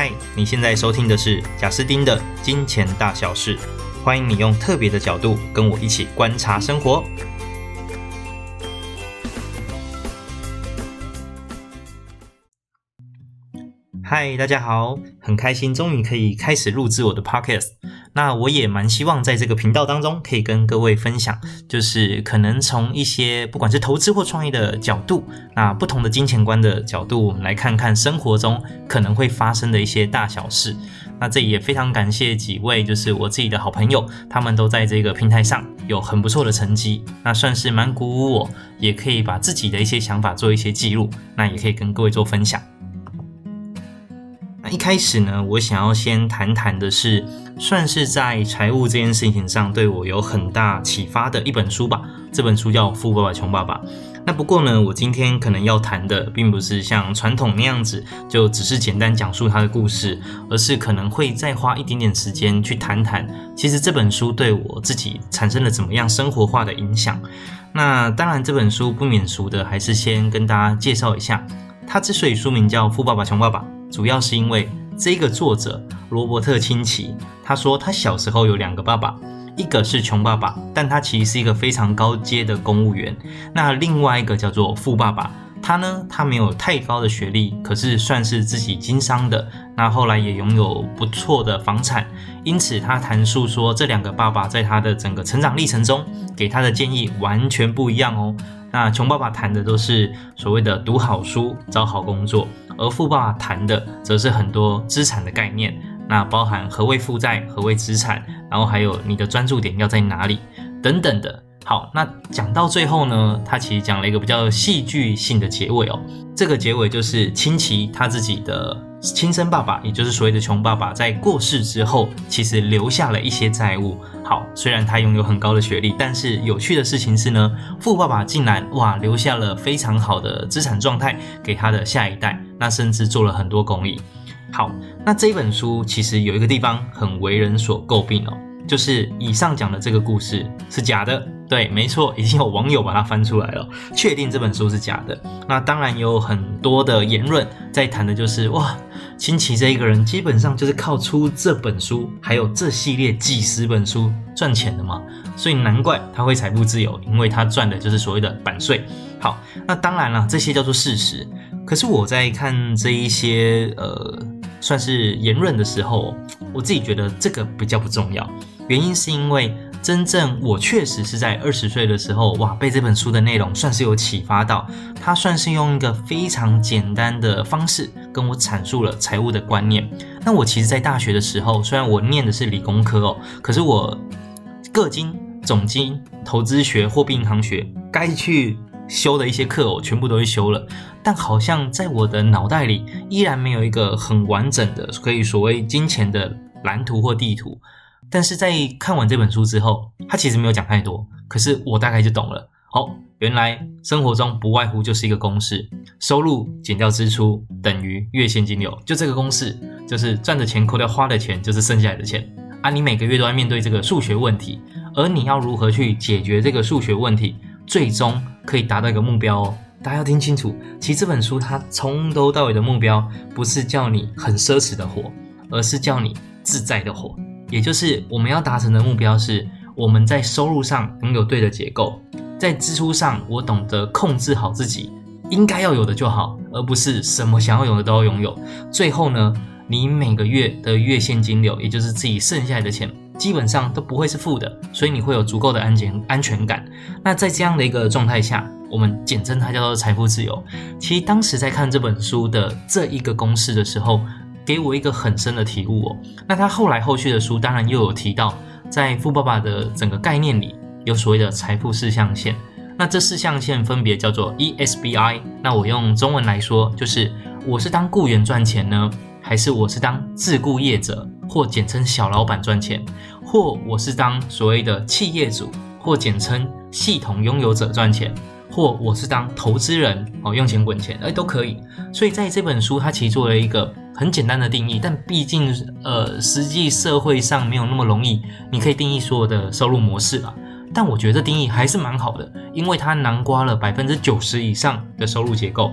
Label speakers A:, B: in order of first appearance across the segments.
A: 嗨，Hi, 你現在收聽的是賈斯汀的《金錢大小事》，歡迎你用特別的角度跟我一起觀察生活。嗨，大家好，很開心，終於可以開始錄製我的 podcast。那我也蠻希望在這個頻道當中可以跟各位分享，就是可能從一些不管是投資或創業的角度，那不同的金錢觀的角度，我們來看看生活中可能會發生的一些大小事。那這也非常感謝幾位，就是我自己的好朋友，他們都在這個平台上有很不錯的成績，那算是蠻鼓舞我，也可以把自己的一些想法做一些記錄，那也可以跟各位做分享。那一開始呢，我想要先談談的是。算是在財務這件事情上對我有很大啟發的一本書吧。這本書叫《富爸爸窮爸爸》。那不過呢，我今天可能要談的，並不是像傳統那樣子，就只是簡單講述他的故事，而是可能會再花一點點時間去談談，其實這本書對我自己產生了怎麼樣生活化的影響。那當然，這本書不免俗的，還是先跟大家介紹一下。它之所以書名叫《富爸爸窮爸爸》，主要是因為。這個作者羅伯特·清崎，他說他小時候有兩個爸爸，一個是窮爸爸，但他其實是一個非常高階的公務員；那另外一個叫做富爸爸，他呢，他沒有太高的學歷，可是算是自己經商的，那後來也擁有不錯的房產。因此，他談述說這兩個爸爸在他的整個成長歷程中，給他的建議完全不一樣哦。那窮爸爸談的都是所謂的讀好書、找好工作，而富爸爸談的則是很多資產的概念，那包含何為負債、何為資產，然後還有你的專注點要在哪裡，等等的。好，那講到最後呢，他其實講了一個比較戲劇性的結尾哦。這個結尾就是，清崎他自己的親生爸爸，也就是所謂的窮爸爸，在過世之後，其實留下了一些債務。好，雖然他擁有很高的學歷，但是有趣的事情是呢，富爸爸竟然哇留下了非常好的資產狀態給他的下一代，那甚至做了很多公益。好，那這本書其實有一個地方很為人所詬病哦。就是以上講的這個故事是假的，對，沒錯，已經有網友把它翻出來了，確定這本書是假的。那當然有很多的言論在談的，就是哇，清崎這一個人基本上就是靠出這本書，還有這系列幾十本書賺錢的嘛，所以難怪他會財富自由，因為他賺的就是所謂的版稅。好，那當然了、啊，這些叫做事實。可是我在看這一些呃。算是言論的時候，我自己覺得這個比較不重要。原因是因為真正我確實是在二十歲的時候，哇，被這本書的內容算是有啟發到。它算是用一個非常簡單的方式跟我闡述了財務的觀念。那我其實，在大學的時候，雖然我念的是理工科哦，可是我個經、總經、投資學、貨幣銀行學，該去。修的一些課，我全部都去修了，但好像在我的腦袋裡依然沒有一個很完整的可以所謂金錢的藍圖或地圖。但是在看完這本書之後，它其實沒有講太多，可是我大概就懂了。哦，原來生活中不外乎就是一個公式：收入減掉支出等於月現金流。就這個公式，就是賺的錢扣掉花的錢，就是剩下來的錢。啊，你每個月都要面對這個數學問題，而你要如何去解決這個數學問題，最終。可以達到一個目標哦，大家要聽清楚。其實這本書它從頭到尾的目標，不是叫你很奢侈的活，而是叫你自在的活。也就是我們要達成的目標是，我們在收入上擁有對的結構，在支出上我懂得控制好自己，應該要有的就好，而不是什麼想要有的都要擁有。最後呢，你每個月的月現金流，也就是自己剩下來的錢。基本上都不會是負的，所以你會有足夠的安全安全感。那在這樣的一個狀態下，我們簡稱它叫做財富自由。其實當時在看這本書的這一個公式的時候，給我一個很深的體悟哦。那他後來後續的書當然又有提到，在富爸爸的整個概念裡，有所謂的財富四象限。那這四象限分別叫做 ESBI。那我用中文來說，就是我是當僱員賺錢呢，還是我是當自僱業者，或簡稱小老闆賺錢？或我是當所謂的企業主，或簡稱系統擁有者賺錢；或我是當投資人哦，用錢滾錢，誒、欸、都可以。所以在這本書，它其實做了一個很簡單的定義，但畢竟呃，實際社會上沒有那麼容易，你可以定義所有的收入模式吧、啊。但我覺得定義還是蠻好的，因為它囊括了百分之九十以上的收入結構，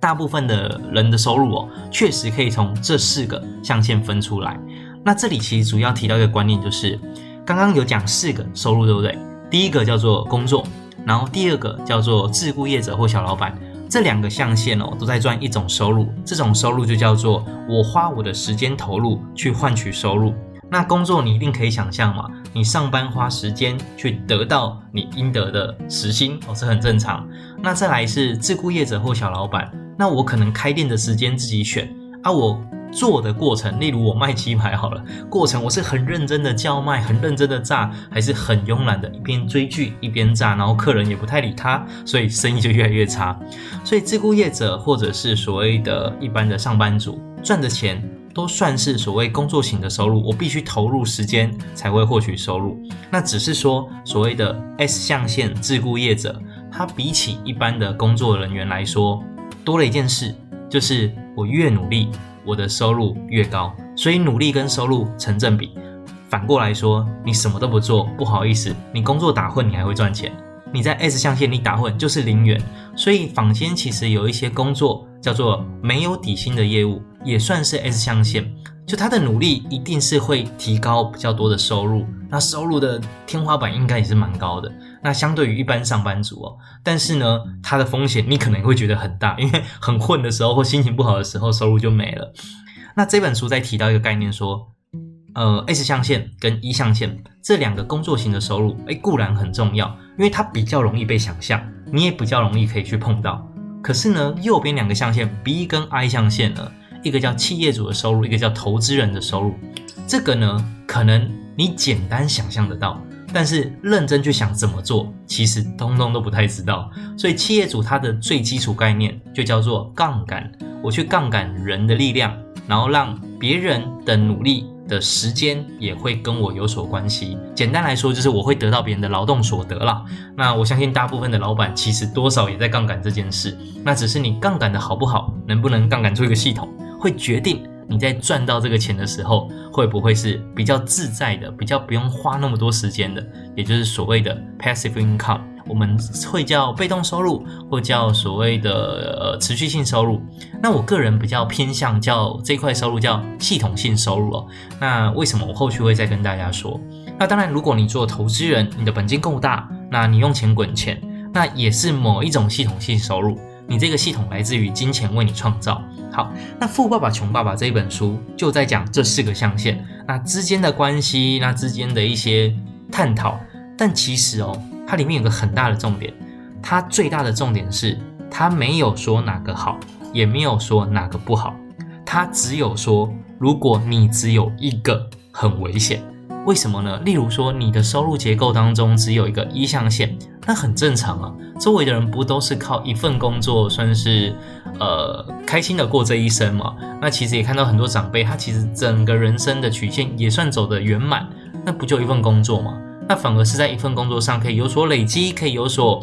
A: 大部分的人的收入哦，確實可以從這四個象限分出來。那這裡其實主要提到一個觀念，就是剛剛有講四個收入，對不對？第一個叫做工作，然後第二個叫做自僱業者或小老闆，這兩個象限哦，都在賺一種收入，這種收入就叫做我花我的時間投入去換取收入。那工作你一定可以想象嘛，你上班花時間去得到你應得的時薪哦，這很正常。那再來是自僱業者或小老闆，那我可能開店的時間自己選啊，我。做的過程，例如我賣雞排好了，過程我是很認真的叫賣，很認真的炸，還是很慵懶的，一邊追劇一邊炸，然後客人也不太理他，所以生意就越來越差。所以，自雇業者或者是所謂的一般的上班族賺的錢都算是所謂工作型的收入，我必須投入時間才會獲取收入。那只是說所謂的 S 象限自雇業者，他比起一般的工作人員來說多了一件事，就是我越努力。我的收入越高，所以努力跟收入成正比。反過來說，你什麼都不做，不好意思，你工作打混，你還會賺錢。你在 S 象限，你打混就是零元。所以，坊間其實有一些工作叫做沒有底薪的業務，也算是 S 象限。就他的努力一定是會提高比較多的收入，那收入的天花板應該也是蠻高的。那相對於一般上班族哦，但是呢，他的風險你可能會覺得很大，因為很混的時候或心情不好的時候，收入就沒了。那這本書在提到一個概念說，呃，S 象限跟 E 象限這兩個工作型的收入，哎，固然很重要，因為它比較容易被想象，你也比較容易可以去碰到。可是呢，右邊兩個象限 B 跟 I 象限呢？一個叫企業主的收入，一個叫投資人的收入。這個呢，可能你簡單想象得到，但是認真去想怎麼做，其實通通都不太知道。所以企業主他的最基礎概念就叫做槓桿，我去槓桿人的力量，然後讓別人的努力的時間也會跟我有所關係。簡單來說，就是我會得到別人的勞動所得啦。那我相信大部分的老闆其實多少也在槓桿這件事，那只是你槓桿的好不好，能不能槓桿出一個系統。會決定你在賺到這個錢的時候，會不會是比較自在的，比較不用花那麼多時間的，也就是所謂的 passive income，我們會叫被動收入，或叫所謂的呃持續性收入。那我個人比較偏向叫這塊收入叫系統性收入哦，那為什麼我後續會再跟大家說？那當然，如果你做投資人，你的本金夠大，那你用錢滾錢，那也是某一種系統性收入。你這個系統來自於金錢為你創造。好，那《富爸爸窮爸爸》這一本書就在講這四個象限，那之間的關係，那之間的一些探討。但其實哦，它裡面有個很大的重點，它最大的重點是它沒有說哪個好，也沒有說哪個不好，它只有說如果你只有一個很危險。為什麼呢？例如說你的收入結構當中只有一個一象限。那很正常啊，周圍的人不都是靠一份工作算是，呃，開心的過這一生嗎？那其實也看到很多長輩，他其實整個人生的曲線也算走得圓滿，那不就一份工作嗎？那反而是在一份工作上可以有所累積，可以有所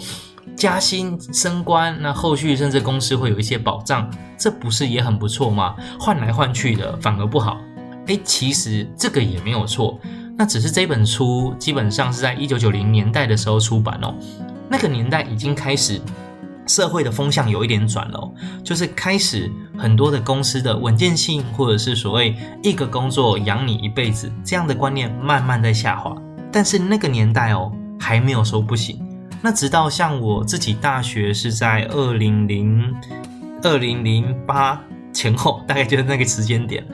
A: 加薪升官，那後續甚至公司會有一些保障，這不是也很不錯嗎？換來換去的反而不好。欸，其實這個也沒有錯。那只是這本書基本上是在一九九零年代的時候出版哦，那個年代已經開始社會的風向有一點轉了，哦，就是開始很多的公司的穩健性，或者是所謂一個工作養你一輩子這樣的觀念慢慢在下滑。但是那個年代哦還沒有說不行，那直到像我自己大學是在二零零二零零八前後，大概就是那個時間點。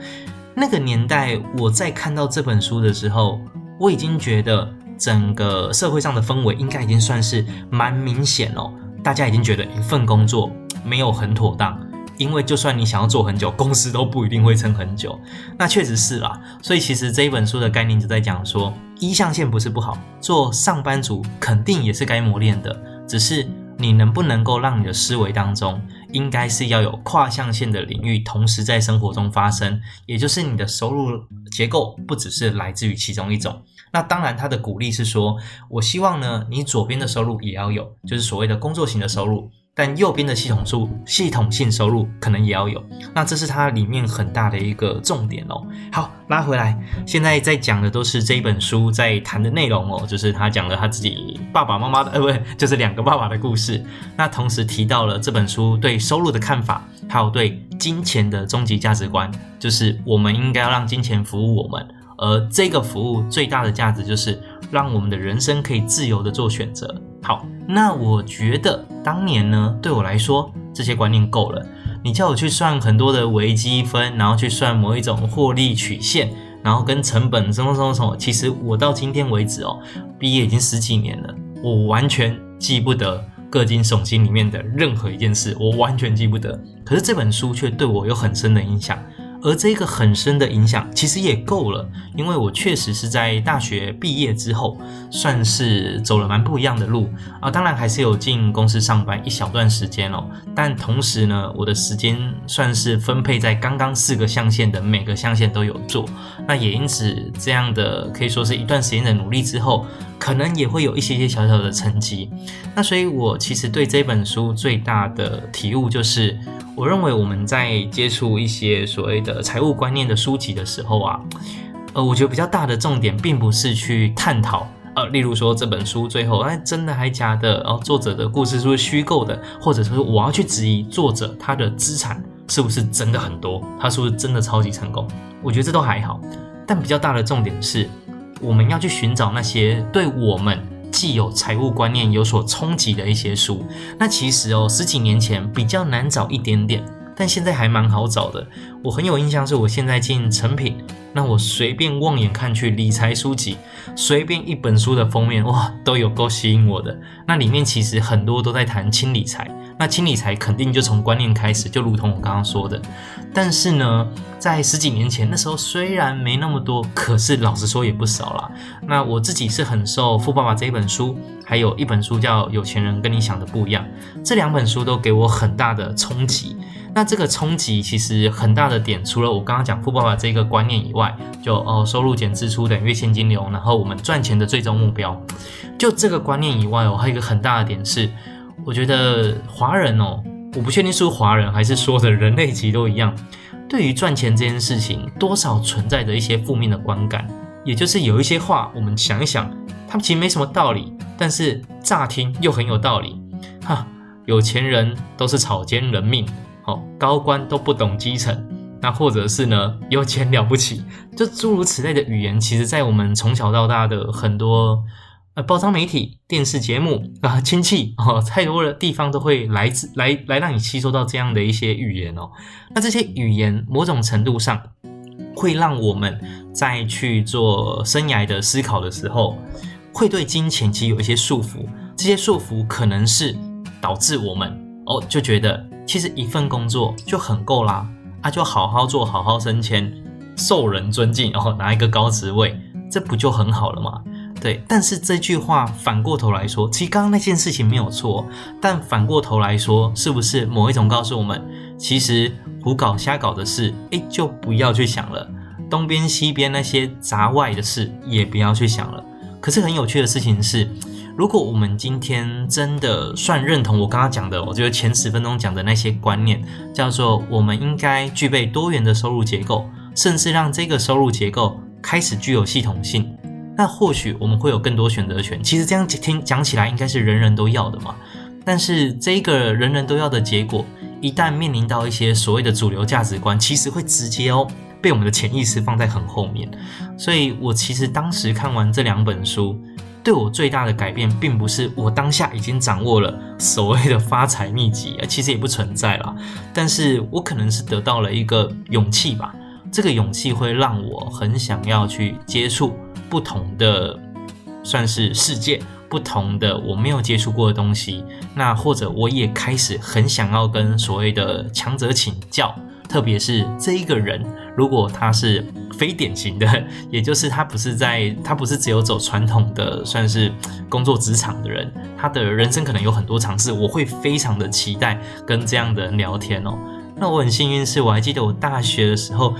A: 那個年代，我在看到這本書的時候，我已經覺得整個社會上的氛圍應該已經算是蠻明顯了。大家已經覺得一份工作沒有很妥當，因為就算你想要做很久，公司都不一定會撐很久。那確實是啦，所以其實這一本書的概念就在講說，一象限不是不好，做上班族肯定也是該磨練的，只是。你能不能夠讓你的思維當中，應該是要有跨象限的領域，同時在生活中發生，也就是你的收入結構不只是來自於其中一種。那當然，他的鼓勵是說，我希望呢，你左邊的收入也要有，就是所謂的工作型的收入。但右邊的系統數，系統性收入可能也要有，那這是它裡面很大的一個重點哦。好，拉回來，現在在講的都是這一本書在談的內容哦，就是他講了他自己爸爸媽媽的，呃，不對，就是兩個爸爸的故事。那同時提到了這本書對收入的看法，還有對金錢的終極價值觀，就是我們應該要讓金錢服務我們。而這個服務最大的價值就是讓我們的人生可以自由地做選擇。好，那我覺得當年呢，對我來說這些觀念夠了。你叫我去算很多的微積分，然後去算某一種獲利曲線，然後跟成本什麼什麼什麼，其實我到今天為止哦，畢業已經十幾年了，我完全記不得個經、總經裡面的任何一件事，我完全記不得。可是這本書卻對我有很深的影響。而這個很深的影響其實也夠了，因為我確實是在大學畢業之後，算是走了蠻不一樣的路啊。當然還是有進公司上班一小段時間哦，但同時呢，我的時間算是分配在剛剛四個象限的每個象限都有做。那也因此這樣的可以說是一段時間的努力之後，可能也會有一些些小小的成績。那所以我其實對這本書最大的體悟就是，我認為我們在接觸一些所謂的。財務觀念的書籍的時候啊，呃，我覺得比較大的重點並不是去探討，呃，例如說這本書最後，哎，呃，真的還假的，哦，作者的故事是不是虛構的，或者是說我要去質疑作者他的資產是不是真的很多，他是不是真的超級成功？我覺得這都還好，但比較大的重點是，我們要去尋找那些對我們既有財務觀念有所衝擊的一些書。那其實哦，十幾年前比較難找一點點。但現在還蠻好找的。我很有印象，是我現在進誠品，那我隨便望眼看去，理財書籍隨便一本書的封面，哇，都有夠吸引我的。那裡面其實很多都在談輕理財，那輕理財肯定就從觀念開始，就如同我剛剛說的。但是呢，在十幾年前，那時候雖然沒那麼多，可是老實說也不少了。那我自己是很受《富爸爸》這一本書，還有一本書叫《有錢人跟你想的不一樣》，這兩本書都給我很大的衝擊。那這個衝擊其實很大的點，除了我剛剛講富爸爸這個觀念以外，就哦收入減支出等於現金流，然後我們賺錢的最終目標，就這個觀念以外哦，還有一個很大的點是，我覺得華人哦，我不確定是不是華人，還是說的人類其實都一樣，對於賺錢這件事情，多少存在着一些負面的觀感，也就是有一些話，我們想一想，它其實沒什麼道理，但是乍聽又很有道理，哈，有錢人都是草菅人命。哦，高官都不懂基層，那或者是呢，有錢了不起，就諸如此類的語言，其實，在我們從小到大的很多呃，報章媒體、電視節目啊、呃，親戚哦，太多的地方都會來自來來讓你吸收到這樣的一些語言哦。那這些語言，某種程度上會讓我們在去做生涯的思考的時候，會對金錢其實有一些束縛，這些束縛可能是導致我們哦就覺得。其實一份工作就很夠啦，啊，就好好做，好好升遷，受人尊敬，然後拿一個高職位，這不就很好了嗎？對。但是這句話反過頭來說，其實剛剛那件事情沒有錯，但反過頭來說，是不是某一種告訴我們，其實胡搞瞎搞的事，哎，就不要去想了；東邊西邊那些雜外的事，也不要去想了。可是很有趣的事情是。如果我們今天真的算認同我剛剛講的，我覺得前十分鐘講的那些觀念，叫做我們應該具備多元的收入結構，甚至讓這個收入結構開始具有系統性，那或許我們會有更多選擇權。其實這樣聽講起來，應該是人人都要的嘛。但是這個人人都要的結果，一旦面臨到一些所謂的主流價值觀，其實會直接哦，被我們的潛意識放在很後面。所以我其實當時看完這兩本書。對我最大的改變，並不是我當下已經掌握了所謂的發財秘籍，其實也不存在啦。但是我可能是得到了一個勇氣吧，這個勇氣會讓我很想要去接觸不同的，算是世界，不同的我沒有接觸過的東西。那或者我也開始很想要跟所謂的強者請教。特別是這一個人，如果他是非典型的，也就是他不是在，他不是只有走傳統的，算是工作職場的人，他的人生可能有很多嘗試。我會非常的期待跟這樣的人聊天哦、喔。那我很幸運是，我還記得我大學的時候，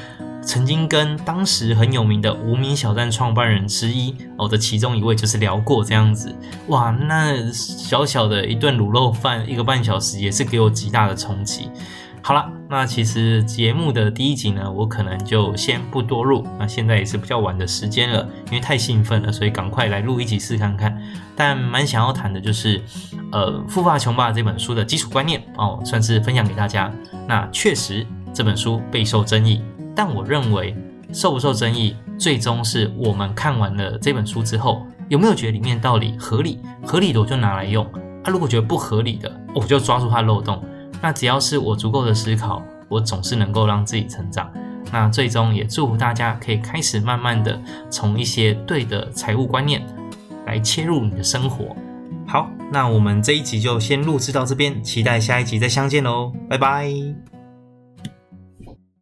A: 曾經跟當時很有名的無名小站創辦人之一，我的其中一位就是聊過這樣子。哇，那小小的一頓滷肉飯，一個半小時也是給我極大的衝擊。好了，那其實節目的第一集呢，我可能就先不多錄。那現在也是比較晚的時間了，因為太興奮了，所以趕快來錄一集試看看。但蠻想要談的就是，呃，《富爸窮爸》這本書的基礎觀念哦，算是分享給大家。那確實這本書備受爭議，但我認為受不受爭議，最終是我們看完了這本書之後，有沒有覺得裡面道理合理？合理的我就拿來用，他、啊、如果覺得不合理的，我就抓住它的漏洞。那只要是我足夠的思考，我總是能夠讓自己成長。那最終也祝福大家可以開始慢慢的從一些對的財務觀念來切入你的生活。好，那我們這一集就先錄制到這邊，期待下一集再相見嘍，拜拜。